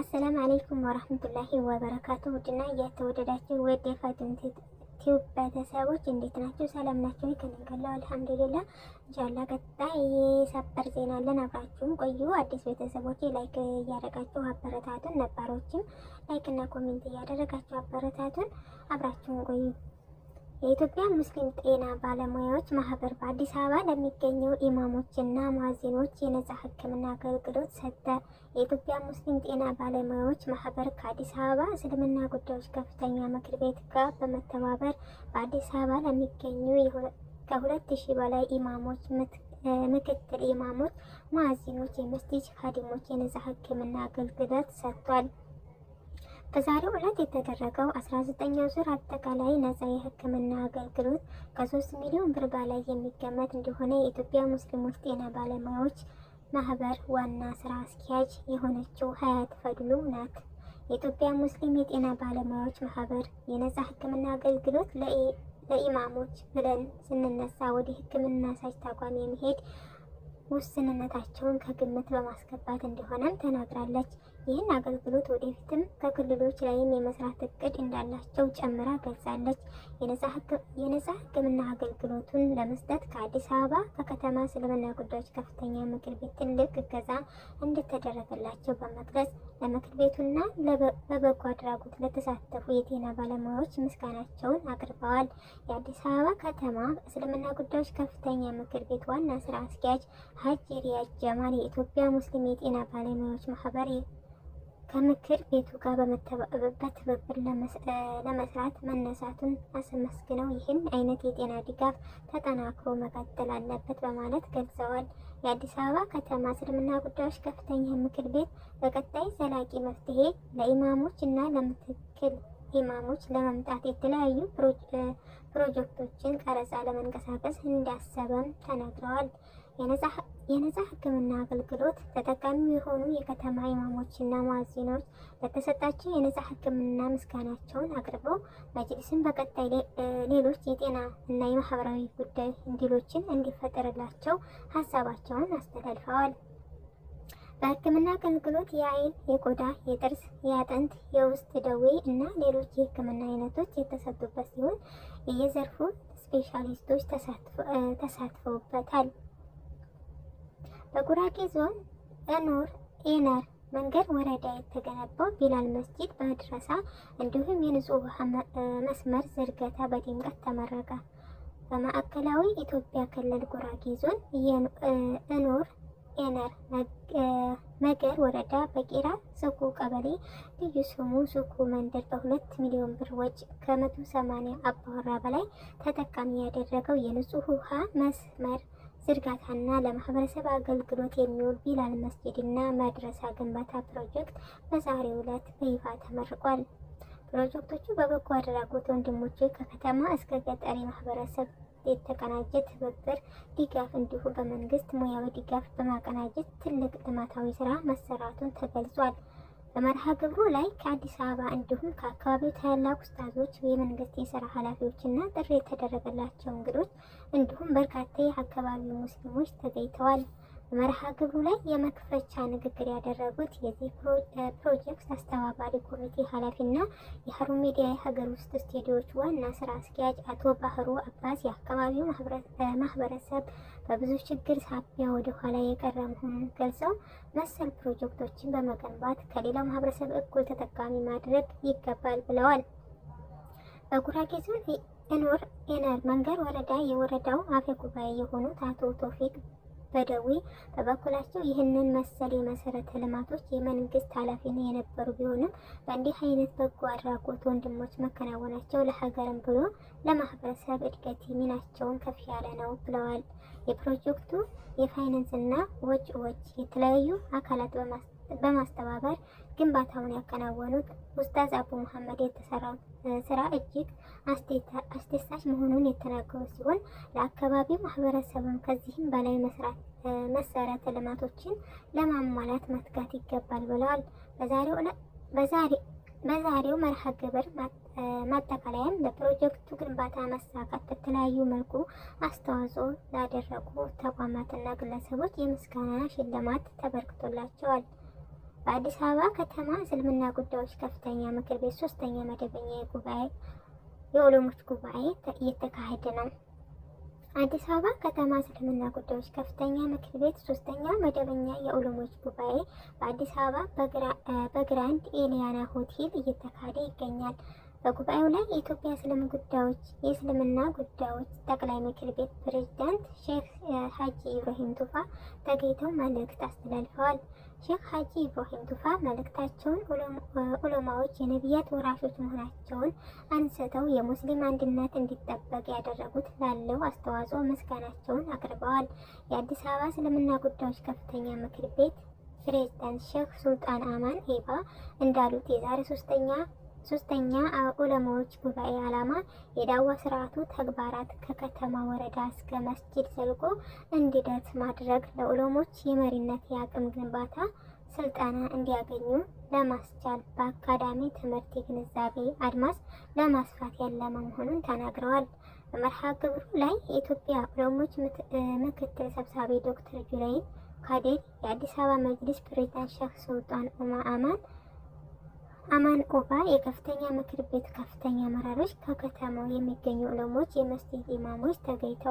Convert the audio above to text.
አሰላም አለይኩም ወረህመቱላሂ ወበረካቱ። ውድና እየተወደዳችሁ ወደ ፋቱን ቲዩብ ቤተሰቦች እንዴት ናቸው ሰላም ናችሁ? ከነገለው አልሐምዱሊላህ። ኢንሻአላህ ቀጣይ ሰበር ዜና አለን። አብራችሁን ቆዩ። አዲስ ቤተሰቦች ላይክ እያደረጋችሁ አበረታቱን። ነባሮችም ላይክ እና ኮሜንት እያደረጋችሁ አበረታቱን። አብራችሁን ቆዩ። የኢትዮጵያ ሙስሊም ጤና ባለሙያዎች ማህበር በአዲስ አበባ ለሚገኙ ኢማሞችና ሟዚኖች የነጻ ሕክምና አገልግሎት ሰጠ። የኢትዮጵያ ሙስሊም ጤና ባለሙያዎች ማህበር ከአዲስ አበባ እስልምና ጉዳዮች ከፍተኛ ምክር ቤት ጋር በመተባበር በአዲስ አበባ ለሚገኙ ከሁለት ሺህ በላይ ኢማሞች ምት ምክትል ኢማሞች፣ ሙአዚኖች፣ የመስጂድ ሀዲሞች የነጻ ሕክምና አገልግሎት ሰጥቷል። በዛሬው ዕለት የተደረገው 19ኛ ዙር አጠቃላይ ነጻ የሕክምና አገልግሎት ከ3 ሚሊዮን ብር በላይ የሚገመት እንደሆነ የኢትዮጵያ ሙስሊሞች ጤና ባለሙያዎች ማህበር ዋና ስራ አስኪያጅ የሆነችው ሀያት ፈድሉ ናት። የኢትዮጵያ ሙስሊም የጤና ባለሙያዎች ማህበር የነጻ ሕክምና አገልግሎት ለኢማሞች ብለን ስንነሳ ወደ ሕክምና ሳች ተቋም የመሄድ ውስንነታቸውን ከግምት በማስገባት እንደሆነም ተናግራለች። ይህን አገልግሎት ወደፊትም ከክልሎች ላይም የመስራት እቅድ እንዳላቸው ጨምራ ገልጻለች። የነጻ ሕክምና አገልግሎቱን ለመስጠት ከአዲስ አበባ ከከተማ እስልምና ጉዳዮች ከፍተኛ ምክር ቤት ትልቅ እገዛ እንደተደረገላቸው በመግለጽ ለምክር ቤቱና በበጎ አድራጎት ለተሳተፉ የጤና ባለሙያዎች ምስጋናቸውን አቅርበዋል። የአዲስ አበባ ከተማ እስልምና ጉዳዮች ከፍተኛ ምክር ቤት ዋና ስራ አስኪያጅ ሀጅ ሪያጅ ጀማል የኢትዮጵያ ሙስሊም የጤና ባለሙያዎች ማህበር ከምክር ቤቱ ጋር በመተባበርበት ትብብር ለመስራት መነሳቱን አስመስግነው ይህን አይነት የጤና ድጋፍ ተጠናክሮ መቀጠል አለበት በማለት ገልጸዋል። የአዲስ አበባ ከተማ እስልምና ጉዳዮች ከፍተኛ ምክር ቤት በቀጣይ ዘላቂ መፍትሄ ለኢማሞች እና ለምክክል ኢማሞች ለመምጣት የተለያዩ ፕሮጀክቶችን ቀረጻ ለመንቀሳቀስ እንዳሰበም ተነግረዋል። የነጻ ህክምና አገልግሎት ተጠቃሚ የሆኑ የከተማ ኢማሞችና ሙአዚኖች ለተሰጣቸው የነጻ ህክምና ምስጋናቸውን አቅርበው መጅልስን በቀጣይ ሌሎች የጤና እና የማህበራዊ ጉዳይ እንዲሎችን እንዲፈጠርላቸው ሀሳባቸውን አስተላልፈዋል። በህክምና አገልግሎት የአይን፣ የቆዳ፣ የጥርስ፣ የአጥንት፣ የውስጥ ደዌ እና ሌሎች የህክምና አይነቶች የተሰጡበት ሲሆን የየዘርፉ ስፔሻሊስቶች ተሳትፈውበታል። በጉራጌ ዞን እኑር ኤነር መንገድ ወረዳ የተገነባው ቢላል መስጂድ በመድረሳ እንዲሁም የንጹህ ውሃ መስመር ዝርጋታ በድምቀት ተመረቀ። በማዕከላዊ ኢትዮጵያ ክልል ጉራጌ ዞን የኑር ኤነር መገር ወረዳ በቄራ ሱቁ ቀበሌ ልዩ ስሙ ሱቁ መንደር በሁለት ሚሊዮን ብር ወጪ ከመቶ ሰማኒያ አባወራ በላይ ተጠቃሚ ያደረገው የንጹህ ውሃ መስመር ዝርጋታና ለማህበረሰብ አገልግሎት የሚውል ቢላል መስጊድና መድረሳ ግንባታ ፕሮጀክት በዛሬው ዕለት በይፋ ተመርቋል። ፕሮጀክቶቹ በበጎ አድራጎት ወንድሞች ከከተማ እስከ ገጠሪ ማህበረሰብ የተቀናጀ ትብብር ድጋፍ እንዲሁም በመንግስት ሙያዊ ድጋፍ በማቀናጀት ትልቅ ልማታዊ ስራ መሰራቱን ተገልጿል። በመርሃ ግብሩ ላይ ከአዲስ አበባ እንዲሁም ከአካባቢው ታላላቅ ኡስታዞች፣ የመንግስት የስራ ኃላፊዎችና ጥሪ የተደረገላቸው እንግዶች እንዲሁም በርካታ የአካባቢው ሙስሊሞች ተገኝተዋል። መርሃ ግብሩ ላይ የመክፈቻ ንግግር ያደረጉት የዚህ ፕሮጀክት አስተባባሪ ኮሚቴ ኃላፊና የሀሩን ሚዲያ የሀገር ውስጥ ስቱዲዮዎች ዋና ስራ አስኪያጅ አቶ ባህሩ አባስ የአካባቢው ማህበረሰብ በብዙ ችግር ሳቢያ ወደ ኋላ የቀረ መሆኑን ገልጸው መሰል ፕሮጀክቶችን በመገንባት ከሌላው ማህበረሰብ እኩል ተጠቃሚ ማድረግ ይገባል ብለዋል። በጉራጌ ዞን ኢኖር ኤነር መንገድ ወረዳ የወረዳው አፈ ጉባኤ የሆኑት አቶ ቶፊቅ በደዌ በበኩላቸው ይህንን መሰል የመሰረተ ልማቶች የመንግስት ኃላፊነት የነበሩ ቢሆንም በእንዲህ አይነት በጎ አድራጎት ወንድሞች መከናወናቸው ለሀገርም ብሎ ለማህበረሰብ እድገት ሚናቸውን ከፍ ያለ ነው ብለዋል። የፕሮጀክቱ የፋይናንስና ወጪዎች የተለያዩ አካላት በማስ በማስተባበር ግንባታውን ያከናወኑት ኡስታዝ አቡ መሐመድ የተሰራው ስራ እጅግ አስደሳች መሆኑን የተናገሩ ሲሆን ለአካባቢው ማህበረሰብም ከዚህም በላይ መስራት መሰረተ ልማቶችን ለማሟላት መትጋት ይገባል ብለዋል። በዛሬው መርሃ ግብር ማጠቃለያም ለፕሮጀክቱ ግንባታ መሳካት በተለያዩ መልኩ አስተዋጽኦ ላደረጉ ተቋማትና ግለሰቦች የምስጋና ሽልማት ተበርክቶላቸዋል። በአዲስ አበባ ከተማ እስልምና ጉዳዮች ከፍተኛ ምክር ቤት ሶስተኛ መደበኛ የጉባኤ የኦሎሞች ጉባኤ እየተካሄደ ነው። አዲስ አበባ ከተማ እስልምና ጉዳዮች ከፍተኛ ምክር ቤት ሶስተኛ መደበኛ የኦሎሞች ጉባኤ በአዲስ አበባ በግራንድ ኤሊያና ሆቴል እየተካሄደ ይገኛል። በጉባኤው ላይ የኢትዮጵያ እስልም ጉዳዮች የእስልምና ጉዳዮች ጠቅላይ ምክር ቤት ፕሬዝዳንት ሼክ ሀጂ ኢብራሂም ቱፋ ተገኝተው መልእክት አስተላልፈዋል። ሼክ ሀጂ ኢብራሂም ቱፋ መልእክታቸውን ዑለማዎች የነቢያት ወራሾች መሆናቸውን አንስተው የሙስሊም አንድነት እንዲጠበቅ ያደረጉት ላለው አስተዋጽኦ ምስጋናቸውን አቅርበዋል። የአዲስ አበባ እስልምና ጉዳዮች ከፍተኛ ምክር ቤት ፕሬዝዳንት ሼክ ሱልጣን አማን ሄባ እንዳሉት የዛሬ ሶስተኛ ሶስተኛ ዑለማዎች ጉባኤ ዓላማ የዳዋ ስርዓቱ ተግባራት ከከተማ ወረዳ እስከ መስጂድ ዘልቆ እንዲደርስ ማድረግ፣ ለዑለሞች የመሪነት የአቅም ግንባታ ስልጠና እንዲያገኙ ለማስቻል በአካዳሚ ትምህርት የግንዛቤ አድማስ ለማስፋት ያለመ መሆኑን ተናግረዋል። በመርሃ ግብሩ ላይ የኢትዮጵያ ዑለሞች ምክትል ሰብሳቢ ዶክተር ጁላይን ካዴር፣ የአዲስ አበባ መጅሊስ ፕሬዝዳንት ሼክ ሱልጣን ኡማ አማን አማን ቆባ የከፍተኛ ምክር ቤት ከፍተኛ አመራሮች፣ ከከተማው የሚገኙ ዑለሞች፣ የመስጂድ ኢማሞች ተገኝተዋል።